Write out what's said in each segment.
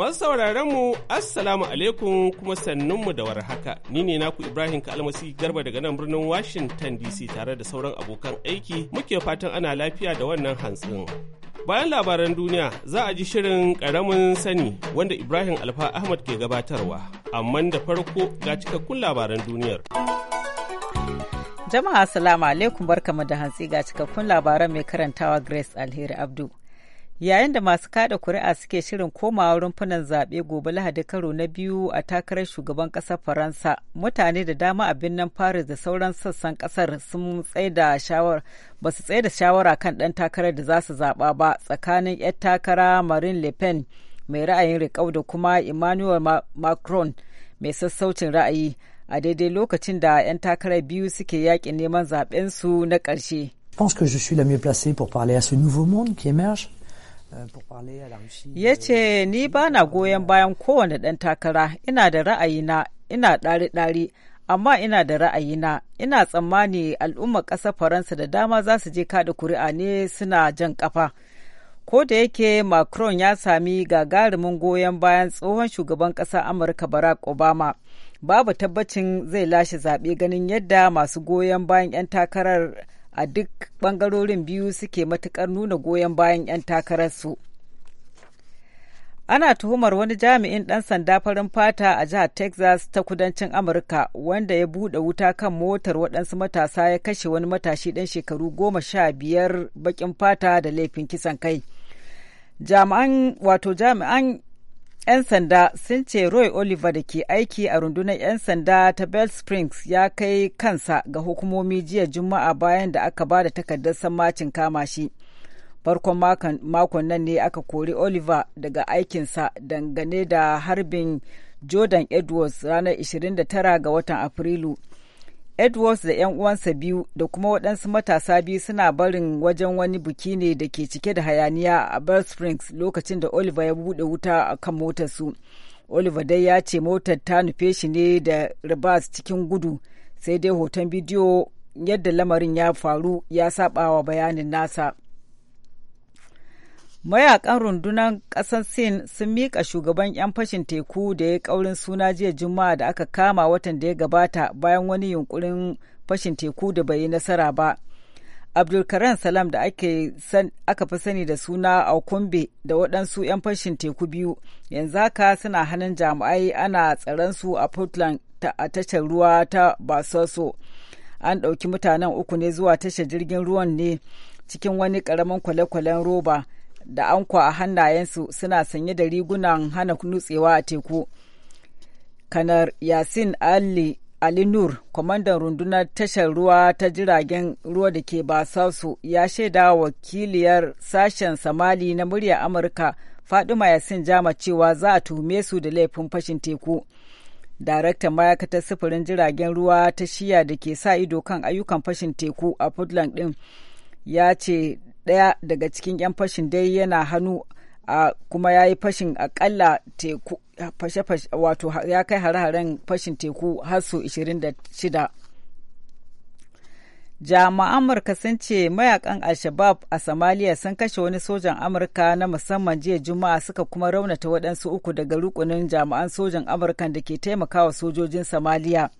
Masu sauraron mu Assalamu alaikum kuma sannunmu da warhaka. Ni ne naku Ibrahim Kalmasi Garba daga nan birnin Washington DC tare da sauran abokan aiki muke fatan ana lafiya da wannan hantsin. Bayan labaran duniya za a ji shirin ƙaramin sani wanda Ibrahim Alfa Ahmad ke gabatarwa, amma da farko ga cikakkun labaran duniyar. Jama'a Assalamu alaikum barkamu da hantsi ga cikakkun labaran mai karantawa Grace Alheri Abdu. yayin da masu kada kuri'a suke shirin komawa rumfunan zaɓe gobe lahadi karo na biyu a takarar shugaban ƙasar faransa mutane da dama a birnin paris da sauran sassan ƙasar sun tsaida shawara ba su tsaida shawara kan ɗan takarar da za su zaɓa ba tsakanin yan takara marine le pen mai ra'ayin riƙau da kuma emmanuel macron mai sassaucin ra'ayi a daidai lokacin da 'yan takarar biyu suke yakin neman zaɓensu na ƙarshe. Je pense que je suis la mieux placée pour parler à ce nouveau monde qui émerge. ya ce ni ba na goyon bayan kowane ɗan takara ina da ra'ayina ina ɗari-ɗari amma ina da ra'ayina ina tsammani al'ummar ƙasar faransa da dama za su je kada kuri'a ne suna jan ƙafa ko da yake macron ya sami gagarumin goyon bayan tsohon shugaban ƙasar amurka barack obama babu tabbacin zai lashe zaɓe ganin yadda masu goyon bayan 'yan takarar a duk bangarorin biyu suke matukar nuna goyon bayan 'yan takararsu. Ana tuhumar wani jami'in ɗan sanda farin fata a jihar Texas ta kudancin Amurka wanda ya buɗe wuta kan motar waɗansu matasa ya kashe wani matashi ɗan shekaru goma sha biyar baƙin fata da laifin kisan kai. Jami'an wato jami'an 'yan sanda sun ce roy oliver da ke aiki a rundunar 'yan sanda ta bell springs ya kai kansa ga hukumomi jiya juma'a bayan da aka ba da takardar sammacin kama shi farkon makon nan ne aka kori oliver daga aikinsa dangane da harbin jordan edwards ranar 29 ga watan afrilu Edwards da 'yan uwansa biyu da kuma waɗansu matasa biyu suna barin wajen wani buki ne da ke cike da hayaniya a Bell Springs lokacin da Oliver ya buɗe wuta a kan motarsu. Oliver dai ya ce motar ta nufe shi ne da Rebus cikin gudu sai dai hoton bidiyo yadda lamarin ya faru ya saɓawa bayanin nasa. mayakan rundunar ƙasar sin sun mika shugaban 'yan fashin teku da ya ƙaurin suna jiya juma'a da aka kama watan da ya gabata bayan wani yunkurin fashin teku da bai yi nasara ba abdulkaran salam da aka fi sani da suna kumbe da waɗansu 'yan fashin teku biyu yanzu haka suna hannun jami'ai ana tsaransu a portland a tashar ruwa ta basoso an ɗauki mutanen uku ne zuwa tashar jirgin ruwan ne cikin wani ƙaramin kwale-kwalen roba da ankwa a hannayensu suna sanye da rigunan hana nutsewa a teku. Kanar Yasin Ali Ali Nur, kwamandan rundunar tashar ruwa ta jiragen ruwa da ke Basasu, ya shaida wakiliyar sashen Samali na murya Amurka Faduma Yasin Jama cewa za a tuhume su da laifin fashin teku. Daraktan ma'aikatar sufurin jiragen ruwa ta shiya da ke sa ido kan ayyukan fashin teku a Puntland ɗin ya ce ɗaya daga cikin 'yan fashin dai yana hannu a kuma ya yi fashin akalla teku fashe wato ya kai hare-haren fashin teku har su 26 jama'an amurka sun ce mayakan al-shabab a somalia sun kashe wani sojan amurka na musamman jiya juma'a suka kuma raunata waɗansu uku daga rukunin jama'an sojan amurka da ke taimakawa sojojin somalia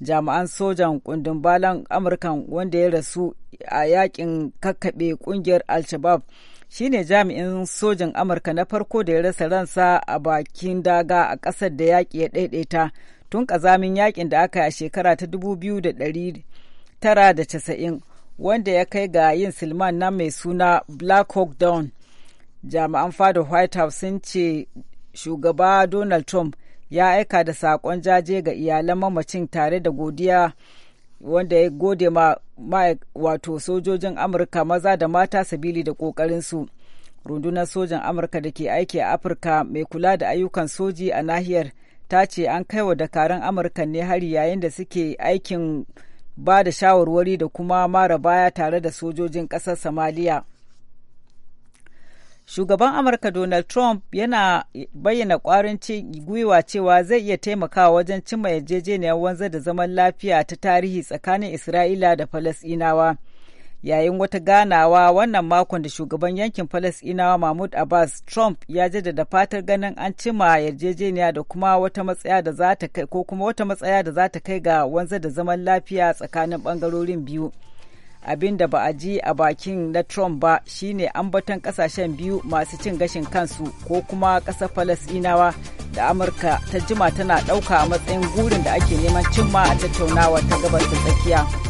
jami'an sojan kundin balan amurkan wanda ya rasu a yakin kakkaɓe kungiyar al-shabab shine jami'in sojan amurka na farko da ya rasa ransa a bakin daga a ƙasar da yaƙi ya ɗaiɗaita tun ƙazamin yakin da aka yi a shekara ta 2990 wanda ya kai ga yin silman na mai suna black hawk down jami'an fada white house sun ce shugaba donald trump ya aika da saƙon jaje ga iyalan mamacin tare da godiya wanda ya gode ma wato sojojin amurka maza da mata sabili da ƙoƙarinsu rundunar sojan amurka da ke aiki a afirka mai kula da ayyukan soji a nahiyar ta ce an kai wa dakaran amurka ne hari yayin da suke aikin ba da shawarwari da kuma mara baya tare da sojojin ƙasar somaliya shugaban amurka donald trump yana bayyana kwarin gwiwa cewa zai iya taimakawa wajen cimma yarjejeniyar wanzar da zaman lafiya ta tarihi tsakanin isra'ila da falasinawa yayin wata ganawa wannan makon da shugaban yankin falasinawa mahmud abbas trump ya jaddada fatar ganin an cimma yarjejeniya da kuma wata matsaya da za ta kai ko kuma wata matsaya da za kai ga wanzar da zaman lafiya tsakanin bangarorin biyu abin da ba a ji a bakin na Trump ba shine ambaton kasashen biyu masu cin gashin kansu ko kuma ƙasar Falasɗinawa da Amurka ta jima tana ɗauka a matsayin gurin da ake neman cimma a tattaunawa ta gabas da tsakiya.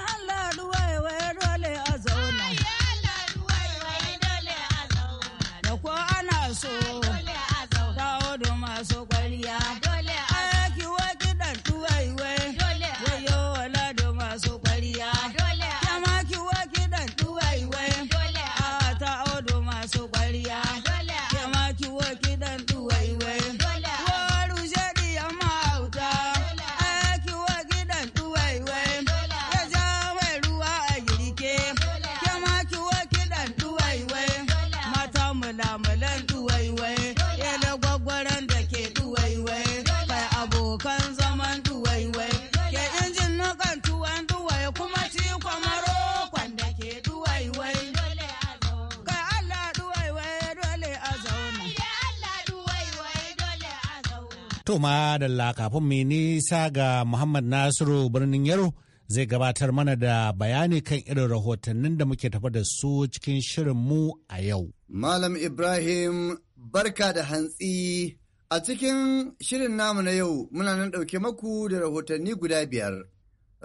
To ma da kafin mai nisa ga Muhammad Nasiru birnin Yaro zai gabatar mana da bayani kan irin rahotannin da muke tafa da su cikin shirin mu a yau. Malam Ibrahim barka da hantsi a cikin shirin namu na yau muna nan ɗauke maku da rahotanni guda biyar.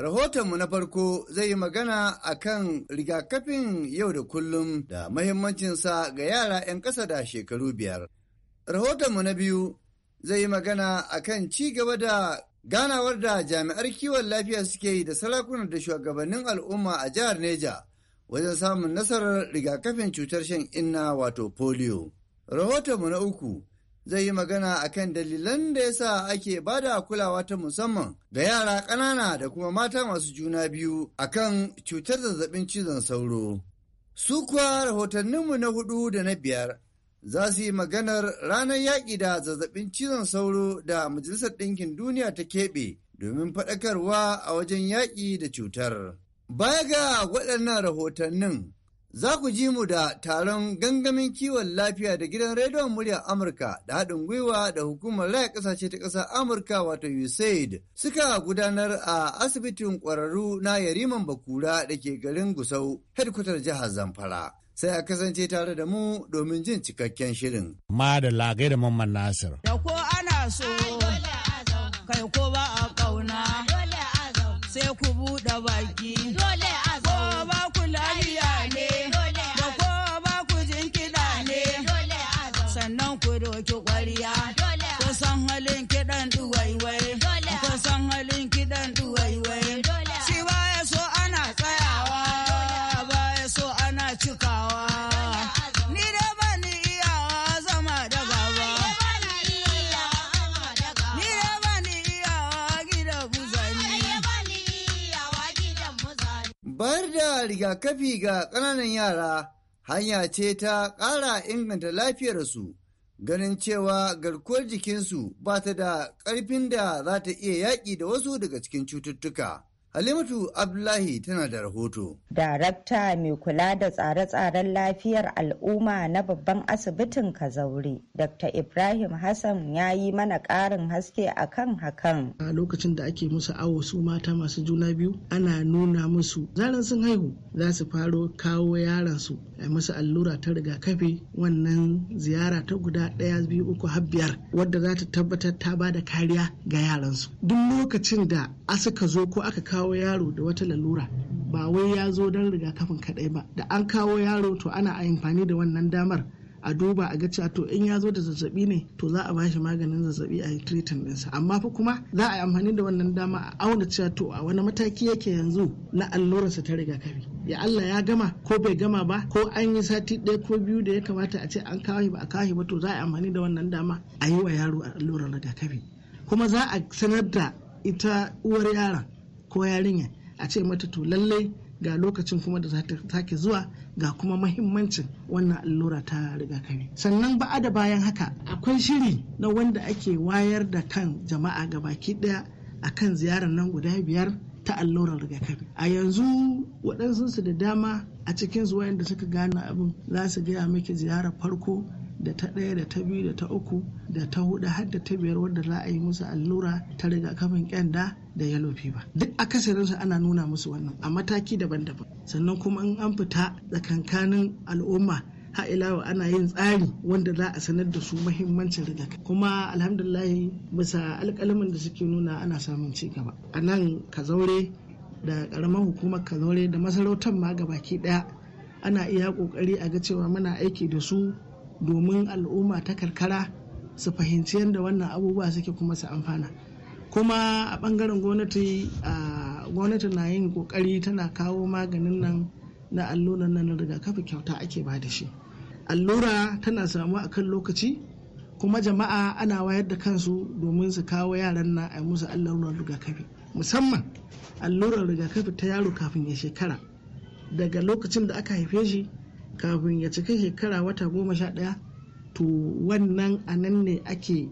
Rahotonmu na farko zai yi magana a kan rigakafin yau da kullum da mahimmancinsa ga yara 'yan ƙasa da shekaru biyar. Rahotonmu na biyu zai yi magana a kan ci gaba da ganawar da jami'ar kiwon lafiya suke yi da sarakunan da shugabannin al'umma a jihar Neja wajen samun nasarar rigakafin cutar shan inna wato polio. Rahotonmu na uku zai yi magana a kan dalilan da ya sa ake da kulawa ta musamman ga yara ƙanana da kuma mata masu juna biyu a kan cutar zazzabin cizon sauro. Su kuwa rahotanninmu na hudu da na biyar za su yi maganar ranar yaƙi da zazzabin cizon sauro da Majalisar Ɗinkin Duniya ta keɓe domin faɗakarwa a wajen yaƙi da cutar. Baya ga waɗannan rahotannin, za ku ji mu da taron gangamin kiwon lafiya da gidan rediyon muryar Amurka da haɗin gwiwa da hukumar raya ƙasashe ta ƙasar Amurka wato USAID suka gudanar a asibitin ƙwararru na Yariman Bakura da ke garin Gusau, hedkwatar jihar Zamfara. sai a kasance tare da mu domin jin cikakken shirin. Ma da lagai da Mamman Nasir. Da ko ana so, kai ko ba a ƙauna, sai ku buɗe baki. riga rigakafi ga ƙananan yara hanya ce ta ƙara inganta lafiyarsu ganin cewa garkuwar jikinsu ba ta da ƙarfin da za ta iya yaƙi da wasu daga cikin cututtuka. alimatu Abdullahi tana da rahoto. Darakta mai kula da tsare-tsaren lafiyar al'umma na babban asibitin Kazauri, Dr. Ibrahim Hassan ya yi mana ƙarin haske a kan hakan. A lokacin da ake musu awo su mata masu juna biyu, ana nuna musu zaran sun haihu za su faro kawo yaran su a musu allura ta rigakafi wannan ziyara ta guda ɗaya biyu uku har biyar wadda za ta tabbatar ta ba da kariya ga yaran su. Duk lokacin da asuka zo ko aka kawo kawo yaro da wata lalura ba wai ya zo don rigakafin kaɗai ba da an kawo yaro to ana amfani da wannan damar a duba a ga cewa to in ya zo da zazzabi ne to za a ba shi maganin zazzabi a treatment ɗinsa amma fa kuma za a yi amfani da wannan dama a auna cewa to a wani mataki yake yanzu na allurarsa ta rigakafi ya Allah ya gama ko bai gama ba ko an yi sati ɗaya ko biyu da ya kamata a ce an kawo ba a kawo ba to za a yi amfani da wannan dama a yi wa yaro allurar rigakafi kuma za a sanar da ita uwar yaron ko yarinya a ce mata to lallai ga lokacin kuma da za ta sake zuwa ga kuma mahimmancin wannan allura ta rigakafi sannan ba'a da bayan haka akwai shiri na wanda ake wayar da kan jama'a ga gabaki daya a kan ziyarar nan guda biyar ta allurar rigakafi a yanzu waɗansu su da dama a cikin zuwa da suka gane abin za su gaya miki ziyarar farko da ta ɗaya da ta biyu da ta uku da ta hudu har da ta biyar wanda za a yi musu allura ta rigakafin kyanda da yellow fever duk akasarinsu ana nuna musu wannan a mataki daban-daban sannan kuma in an fita tsakankanin al'umma ha'ilawa ana yin tsari wanda za a sanar da su mahimmancin rigakafi kuma alhamdulahi bisa alƙalamin da suke nuna ana samun ci gaba a nan kazaure da ƙaramar hukumar kazaure da masarautar ma gabaki ɗaya ana iya ƙoƙari a ga cewa muna aiki da su domin al'umma ta karkara su fahimci yadda wannan abubuwa suke kuma su amfana kuma a bangaren gwamnati gwamnati na yin kokari tana kawo maganin nan na allura nan na rigakafi kyauta ake ba da shi allura tana samu a kan lokaci kuma jama'a ana wayar da kansu domin su kawo yaran na a musu allurar rigakafi musamman allurar rigakafi ta yaro kafin ya shekara daga lokacin da aka haife shi kafin ya cika shekara wata goma sha ɗaya to wannan a nan ne ake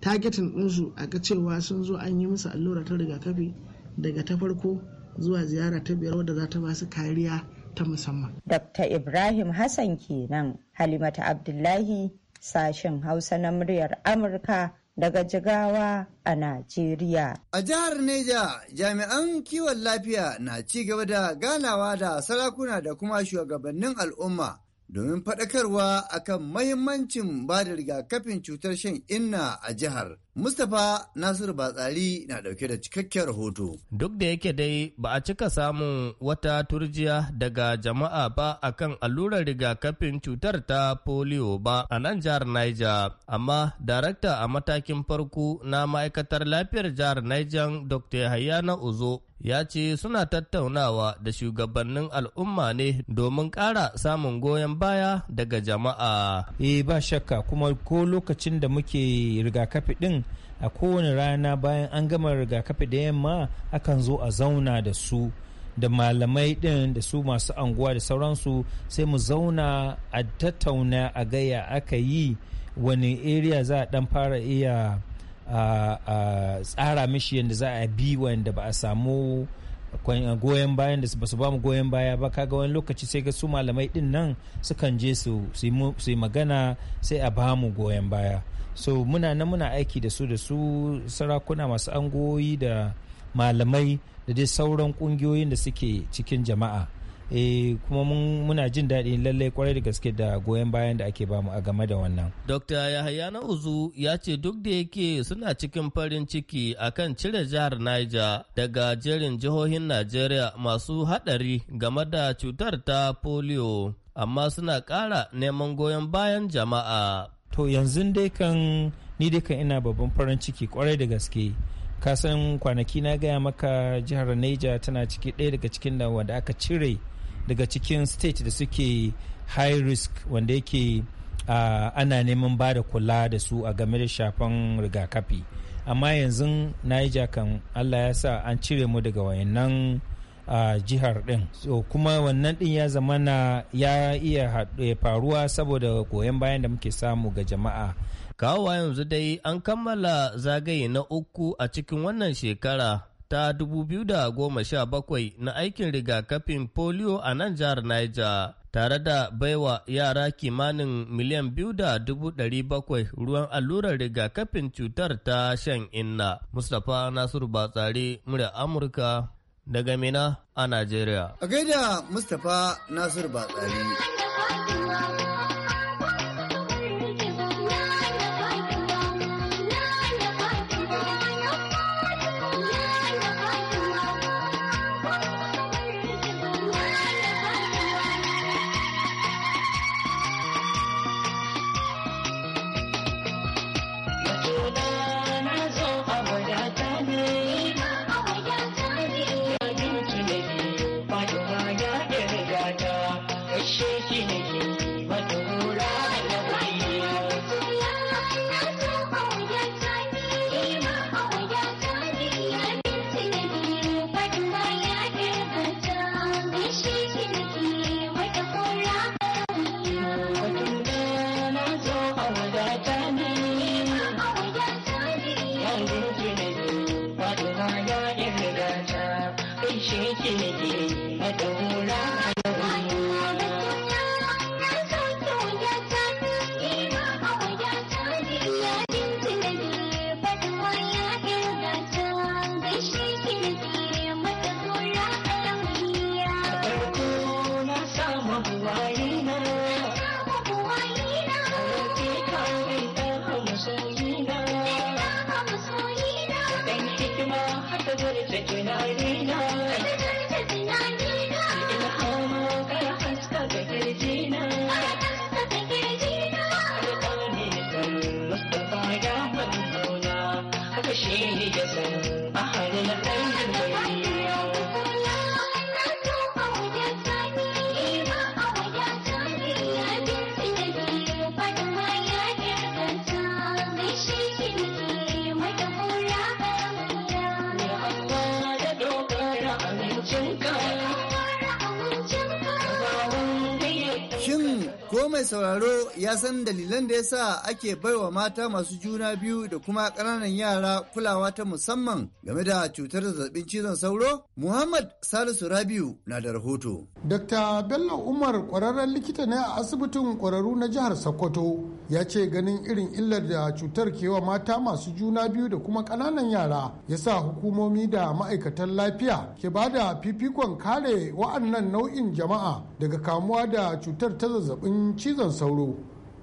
targetin ɗinsu a ga cewa sun zo an yi musu allura ta rigakafi daga ta farko zuwa ziyara ta biyar wadda za ta ba su kariya ta musamman. Dr. Ibrahim Hassan kenan Halimata Abdullahi sashen Hausa na muryar Amurka daga Jigawa a Najeriya. A jihar Neja, jami'an kiwon lafiya na ci gaba da ganawa da sarakuna da kuma shugabannin al'umma domin faɗakarwa akan mahimmancin ba da rigakafin cutar shan inna a jihar. Mustapha Nasiru Batsari na ɗauke da cikakken rahoto. Duk da yake dai ba a cika samun wata turjiya daga jama'a ba a kan allurar rigakafin cutar ta polio ba a nan jihar Niger, amma darakta a matakin farko na ma'aikatar lafiyar jihar Niger Dr. Hayana Uzo ya ce suna tattaunawa da shugabannin al'umma ne domin ƙara samun goyon baya daga jama'a. E ba shakka kuma ko lokacin da muke rigakafi ɗin a kowane rana bayan an gama rigakafi da yamma akan zo a zauna da su da malamai ɗin da su masu anguwa da sauransu sai mu zauna a tattauna a gaya aka yi wani area za a ɗan fara iya tsara mishi yadda za a bi wanda ba a samu goyon bayan da ba su ba mu goyon baya ba kaga wani lokaci sai ga su malamai ɗin nan sukan je su yi magana sai a ba mu goyon baya so muna nan muna aiki da su da su sarakuna masu angoyi da malamai da dai sauran kungiyoyin da suke cikin jama'a e, kuma muna jin daɗi lallai kwarai da gaske da goyon bayan da ake bamu a game da wannan. Dr. Yahaya na Uzu ya ce duk da yake suna cikin farin ciki akan cire jihar Niger daga jerin jihohin nigeria masu haɗari game da cutar ta polio, amma suna ƙara neman goyon bayan jama'a. to yanzu dai kan ni dai kan ina babban farin ciki kwarai da gaske ka san kwanaki na gaya maka jihar niger tana ciki ɗaya daga cikin da wanda aka cire daga cikin state da suke high risk wanda yake uh, ana neman ba da kula da su a game da shafan rigakafi amma yanzu niger kan allah ya sa an cire mu daga wayannan a jihar din so kuma wannan din ya zamana ya iya faruwa saboda goyon bayan da muke samu ga jama'a kawo yanzu dai an kammala zagaye na uku a cikin wannan shekara ta 2017 na aikin rigakafin polio a nan jihar Niger tare da baiwa yara kimanin miliyan biyu da dubu ɗari bakwai ruwan allurar rigakafin cutar ta shan inna. Mustapha Nasiru Batsari, murya Amurka daga Mina a Najeriya. A gaida Mustapha Nasiru Batsari. Ko mai sauraro ya san dalilan da yasa ake baiwa mata masu juna biyu da kuma ƙananan yara kulawa ta musamman game da cutar zazzabin cizon sauro? Muhammad Salisu Rabiu na da rahoto. Dr. Bello Umar ƙwararren likita ne a asibitin ƙwararru na jihar Sokoto ya ce ganin irin illar da cutar ke wa mata masu juna biyu da kuma ƙananan yara ya sa hukumomi da ma'aikatan lafiya ke ba da fifikon kare wa'annan nau'in jama'a daga kamuwa da cutar ta zazzabin cizon sauro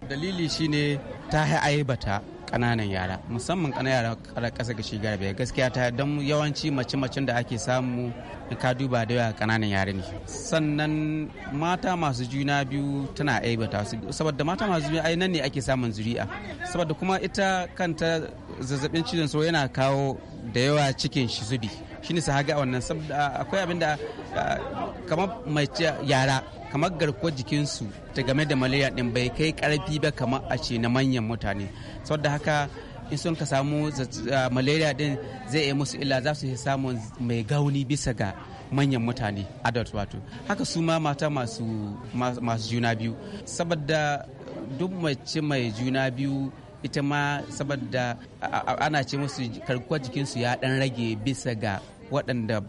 dalili shine ta aibata kananan yara musamman kananan yara kasa ga shigara bai gaskiya ta don yawanci mace-macen da ake samu ka duba da yawa kananan yara ne sannan mata masu juna biyu tana aibata su saboda mata masu juna ai nan ne ake samun zuri'a saboda kuma ita kanta zazzabin cizon sauro yana kawo da yawa cikin shi zubi shine su haga wannan saboda akwai abin da kamar mace yara kamar garkuwar jikinsu ta game da malaria din bai kai karfi ba kamar a ce na manyan mutane saboda haka in sun ka samu malaria din zai yi musu illa za su yi samun mai gauni bisa ga manyan mutane adult wato haka su ma mata masu juna biyu saboda duk mace mai juna biyu ita ma saboda ana ce musu karkuwa jikinsu ya dan rage bisa ga waɗanda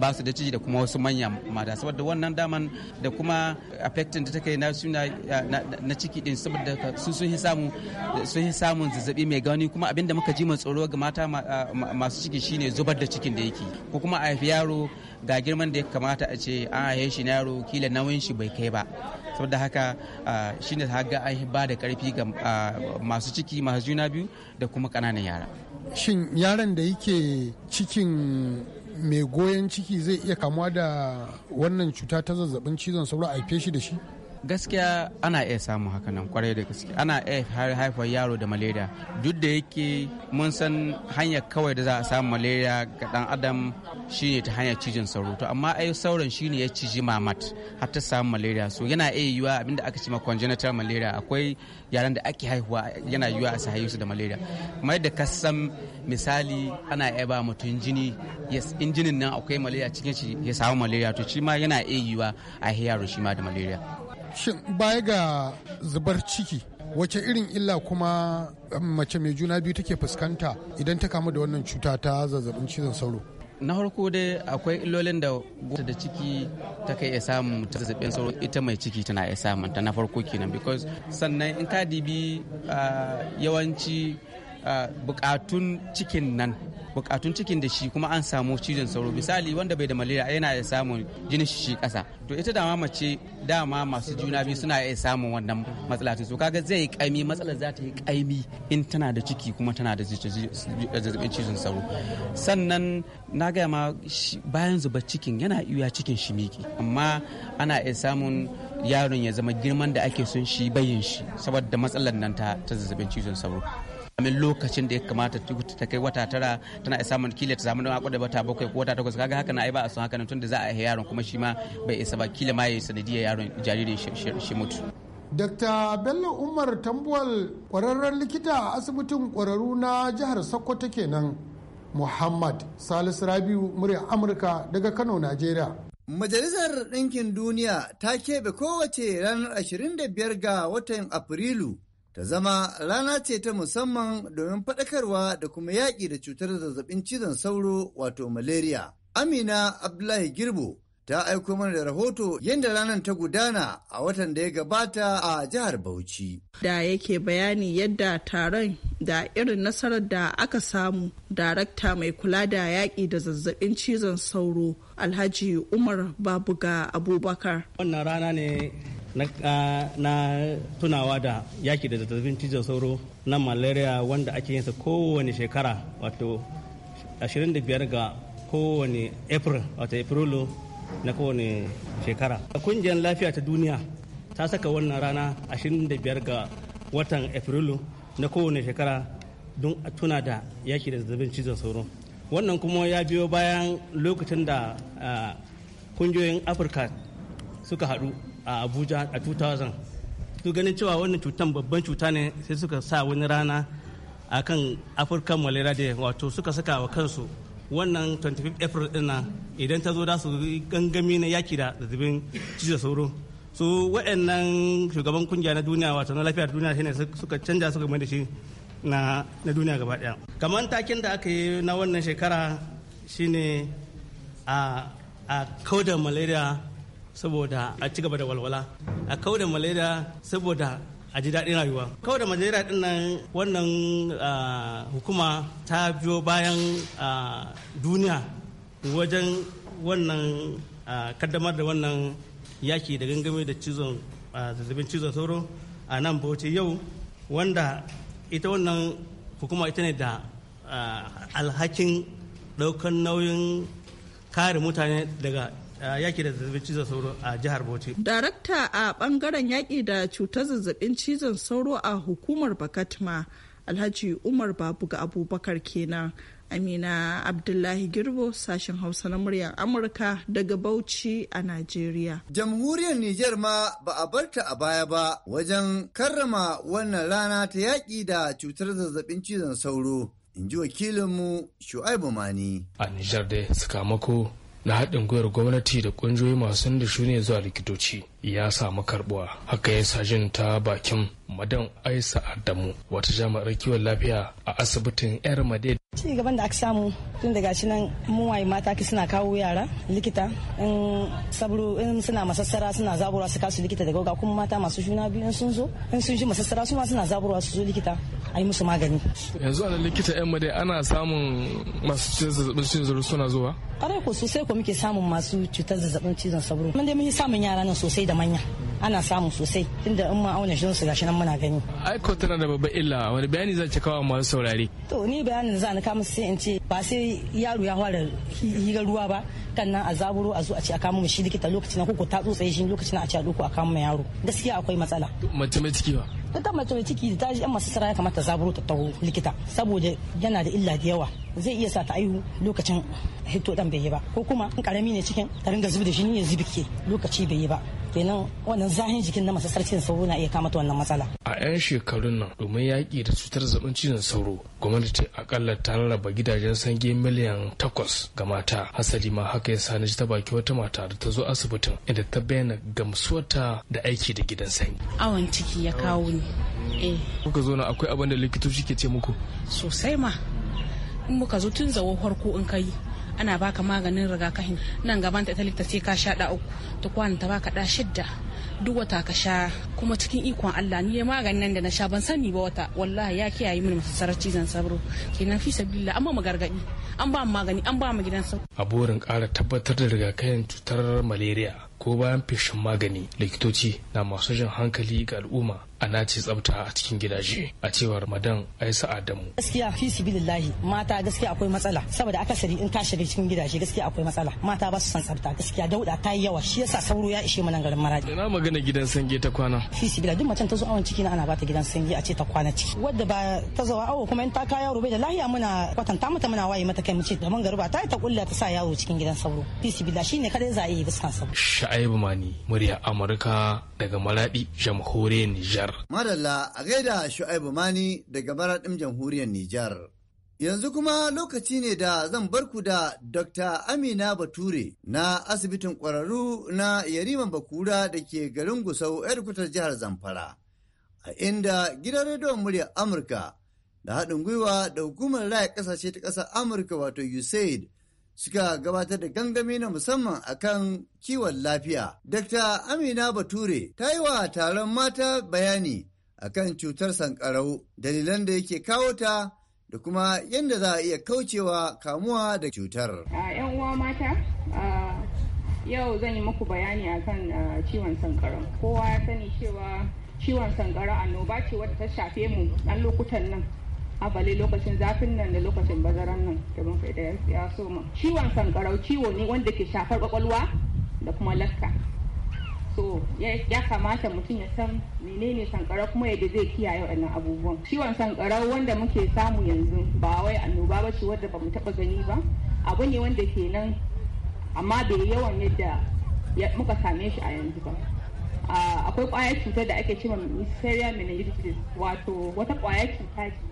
ba su da ciki da kuma wasu manya mata saboda wannan daman da kuma affecting da take na ciki din saboda su sun samu sun samun zazzabi mai gani kuma abinda muka ji mai tsoro ga mata masu ciki shine zubar da cikin da yake ko kuma a haifi yaro ga girman da ya kamata a ce an haife shi na yaro kila nauyin shi bai kai ba saboda haka shi ne ga an ba da karfi ga masu ciki masu juna biyu da kuma kananan yara shin yaron da yake cikin mai goyon ciki zai iya kamuwa da wannan cuta ta zazzabin cizon sauro a haife shi da shi gaskiya ana iya samu nan kwarai da gaske ana iya haifar yaro da malaria duk da yake mun san hanyar kawai da za a samu malaria ga dan adam shine ta hanyar cijin sauro to amma ai sauran shine ya ciji mamat har ta samu malaria so yana iya yiwa abinda aka ce ma congenital malaria akwai yaran da ake haihuwa yana yiwa a su su da malaria kuma da ka san misali ana iya ba mutum jini yes injinin nan akwai malaria cikin shi ya samu malaria to shi ma yana iya yiwa a yaro shi ma da malaria shin baya ga zubar ciki wace irin illa kuma um, mace mai juna biyu take fuskanta idan ta kamu da wannan cuta ta zazzabin cizon sauro na farko dai akwai illolin da gwamnati da ciki ta kai iya samun ta zazzabin sauro ita mai ciki tana iya samun ta na farko kenan because sannan in ka dibi ah, yawanci bukatun cikin nan bukatun cikin da shi kuma an samu cizon sauro misali wanda bai da malaria yana da samun jinin shi kasa to ita dama mace dama masu juna biyu suna iya samun wannan matsala to kaga zai kaimi matsalar za ta yi kaimi in tana da ciki kuma tana da zazzabin cizon sauro sannan na gaya ma bayan zuba cikin yana iya cikin shi miki amma ana iya samun yaron ya zama girman da ake son shi bayin shi saboda matsalar nan ta zazzabin cizon sauro min lokacin da ya kamata ta kai wata tara tana isa mun kila ta samu da wata bakwai ko wata takwas kaga haka na ai ba a son haka tun da za a yi yaron kuma shi ma bai isa ba kila ma ya yi sanadiyar yaron jaririn shi mutu Dr. Bello Umar Tambuwal kwararren likita a asibitin kwararru na jihar Sokoto kenan Muhammad Salisu Rabiu murya Amurka daga Kano, Najeriya. Majalisar Ɗinkin Duniya ta keɓe kowace ranar 25 ga watan Afrilu ta zama rana ce ta musamman domin faɗakarwa da kuma yaƙi da cutar zazzabin cizon sauro wato malaria. Amina Abdullahi Girbo ta aiko mana da rahoto yadda ranar ta gudana a watan da ya gabata a jihar Bauchi. Da yake bayani yadda taron da irin nasarar da aka samu darakta mai kula da yaƙi da zazzabin cizon sauro Alhaji Umar Babuga Abubakar. Wannan rana ne na, tunawa da yaƙi da zazzabin cizon sauro na malaria wanda ake yinsa kowane shekara wato 25 ga kowane april wato na kowane shekara kungiyar lafiya ta duniya ta saka wannan rana 25 ga watan afrilu na kowane shekara don a tuna da yaki da zazzabin cizon sauro wannan kuma ya biyo bayan lokacin da kungiyoyin afirka suka haɗu a abuja a 2000 su ganin cewa wannan cutan babban cuta ne sai suka sa wani rana a kan afirka malaria wato suka saka wa kansu wannan 25 april din idan ta zo da su gangami na yaki da zazzabin cizo sauro su waɗannan shugaban kungiya na duniya wato na lafiyar duniya shine suka canja suka mai da shi na duniya gaba daya kamar takin da aka yi na wannan shekara shine a a kauda malaria saboda a ci gaba da walwala a kauda malaria saboda a ji daɗin rayuwa kawai da majalisar ɗin nan wannan hukuma ta biyo bayan duniya wajen wannan kaddamar da wannan yaki da gangame da cizon zazzabin cizon sauro a nan bauchi yau wanda ita wannan hukuma ita ne da alhakin ɗaukan nauyin kare mutane daga yaki da zazzabin cizon sauro a jihar Bauchi. Darakta a bangaren yaki da cutar zazzabin cizon sauro a hukumar Bakatma Alhaji Umar babu ga Abubakar kenan. Amina Abdullahi Girbo sashen Hausa na muryar Amurka daga Bauchi a Najeriya. Jamhuriyar Nijar ma ba a barta a baya ba wajen karrama wannan rana ta yaƙi da cutar zazzabin cizon sauro. In ji wakilinmu Shu'aibu Mani. A Nijar dai sakamako na haɗin gwiwar gwamnati da ƙungiyoyi masu da ne zuwa likitoci ya samu karbuwa haka ya sajin ta bakin Ramadan Aisa Adamu wata jami'ar kiwon lafiya a asibitin Yar Made. Ci gaban da aka samu tun daga shi nan mun waye mata ki suna kawo yara likita in sabro in suna masassara suna zaburwa su kasu likita daga ga kuma mata masu juna biyu in sun zo in sun ji masassara su ma suna zaburwa su zo likita a yi musu magani. Yanzu a likita Yar Made ana samun masu zazzabin cizon sauro suna zuwa? Ƙwarai ko sosai ko muke samun masu cutar zazzabin cizon sauro. Mun dai mun yi samun yara nan sosai da manya. ana samu sosai tunda in ma auna su gashi nan muna gani ai ko tana da babban illa wani bayani zan ci kawo masu saurare to ni bayanin za ni musu sai in ce ba sai yaro ya fara hirar ruwa ba kan nan a zaburo a zo a ce a kama shi likita lokacin ko ta tsotsa shi lokacin a ce a doko a kama yaro gaskiya akwai matsala mace mai ciki ba ita mace mai ciki ta ji yan masu sara ya kamata zaburo ta taho likita saboda yana da illa da yawa zai iya sa ta aihu lokacin hito dan bai yi ba ko kuma in karami ne cikin ta ringa zubi da shi ne zubi ke lokaci bai yi ba kenan wannan zahin jikin na masu sarcin sauro na iya kama ta wannan matsala a 'yan shekarun nan domin yaƙi da cutar zaɓin cizon sauro gwamnati akalla ta rarraba gidajen sange miliyan takwas ga mata hasali ma haka ya sani ta baki wata mata da ta zo asibitin inda ta bayyana gamsuwarta da aiki da gidan sanyi awon ciki ya kawo ni eh. kuka zo na akwai abin da likitoci ke ce muku sosai ma in muka zo tun zawo farko in kai ana baka maganin rigakafin nan gaban ta talita sai ka sha uku ta kwana ta baka da shidda duk wata ka sha kuma cikin ikon Allah ni maganin nan da na sha ban sani ba wata wallahi ya kiyaye mini masarar cizon sabro kenan fi sabilillah an ba mu gargadi an ba mu magani an ba mu gidan sabro a burin ƙara tabbatar da rigakafin cutar malaria ko bayan feshin magani likitoci na masu jan hankali ga al'umma a nace tsafta a cikin gidaje a cewar madan aisa adamu gaskiya fi sibilillahi mata gaskiya akwai matsala saboda akasari in ka shiga cikin gidaje gaskiya akwai matsala mata ba su san tsafta gaskiya dauda ta yi yawa shi yasa sauro ya ishe mana garin maradi ina magana gidan sange ta kwana fi sibila duk macen ta zo awon ciki na ana bata gidan sange a ce ta kwana ciki wadda ba ta zo awo kuma in ta ka yaro bai da lahiya muna kwatanta mata muna waye mata kai mu ce da man garba ta ta kulla ta sa yaro cikin gidan sauro fi sibila shine kada za a yi biskan sauro Shu'aibu Mani, murya Amurka daga maladi jamhuriyar Nijar. Madalla a gaida Shu'aibu Mani daga Maradin jamhuriyar Nijar. Yanzu kuma lokaci ne da zan barku da Dr. Amina Bature na asibitin ƙwararru na Yariman Bakura da ke garin Gusau, 'yar jihar Zamfara. A inda gidan rediyon murya Amurka da haɗin gwiwa da hukumar raya ƙasashe ta ƙasar Amurka wato USAID suka gabatar da gangami na musamman akan kiwon lafiya. Dr. Amina Bature ta yi wa taron mata bayani akan cutar sankarau, dalilan da yake kawo ta da kuma yadda za a iya kaucewa kamuwa da cutar. ‘Yan uwa mata, yau zan yi muku bayani akan ciwon sankarau. Kowa ya sani cewa ciwon sankarau annoba ce wadda ta shafe mu ɗan lokutan nan. abale lokacin zafin nan da lokacin bazaran nan da mun kai da ya soma ciwon sankarau ciwo ne wanda ke shafar kwakwalwa da kuma lakka so ya kamata mutum ya san menene sankarau kuma yadda zai kiyaye waɗannan abubuwan ciwon sankarau wanda muke samu yanzu ba wai annoba ba ce wadda ba taɓa gani ba abu ne wanda ke nan amma bai yawan yadda muka same shi a yanzu ba ah, akwai kwayar cutar da ake cewa Neisseria meningitis wato wata kwayar cuta ce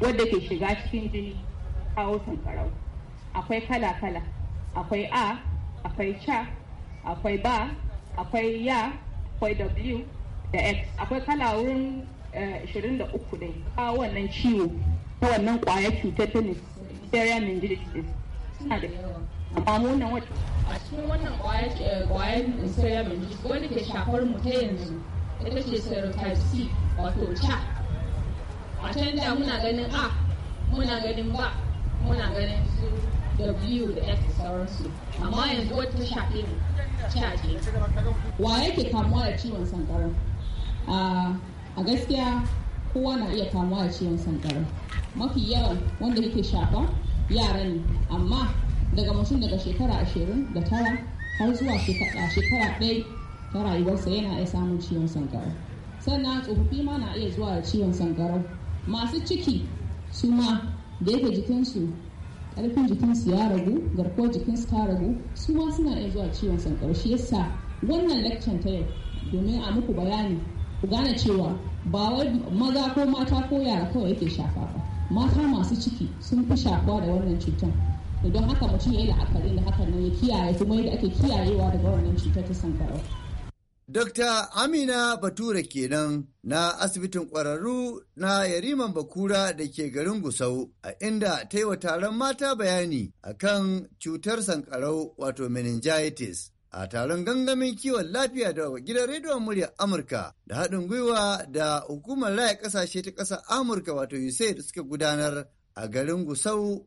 wadda ke shiga cikin jini kawo sankarau akwai kala-kala akwai a akwai cha akwai ba akwai ya akwai w da x akwai kala wurin 23 eh, dai. kawo wannan ciwo ko wannan kwayar cutar ta Listeria meningitis suna da amma wannan wata a cikin wannan kwayar Listeria eh, meningitis wanda ke shafar mu ta yanzu ita ce serotype C wato cha a canja muna ganin a muna ganin ba muna ganin su w da x sauransu amma yanzu wata ta shafe mu caje wa yake kamuwa da ciwon sankara a gaskiya kowa na iya kamuwa da ciwon sankara mafi yawan wanda yake shafa yara ne amma daga mutum daga shekara ashirin da tara har zuwa shekara ɗaya ta rayuwarsa yana iya samun ciwon sankara sannan tsofaffi ma na iya zuwa da ciwon sankara masu ciki su ma da yake jikinsu karfin jikinsu ya ragu garkuwar jikinsu ta ragu su ma suna iya zuwa ciwon sankarau shi yasa wannan lakcan ta yau domin a muku bayani ku gane cewa ba wai maza ko mata ko yara kawai yake shafa ba mata masu ciki sun fi shafa da wannan cutar don haka mutum ya yi la'akari da hakan nan ya kiyaye kuma yadda ake kiyayewa daga wannan cutar ta sankara Dr. Amina Bature kenan na asibitin ƙwararru na Yariman Bakura da ke garin Gusau, a inda ta yi wa taron mata bayani a kan cutar sankarau wato meningitis. A taron gangamin kiwon lafiya da gidan rediyon muryar Amurka da haɗin gwiwa da hukumar laye ƙasashe ta ƙasar Amurka wato USAID suka gudanar a garin Gusau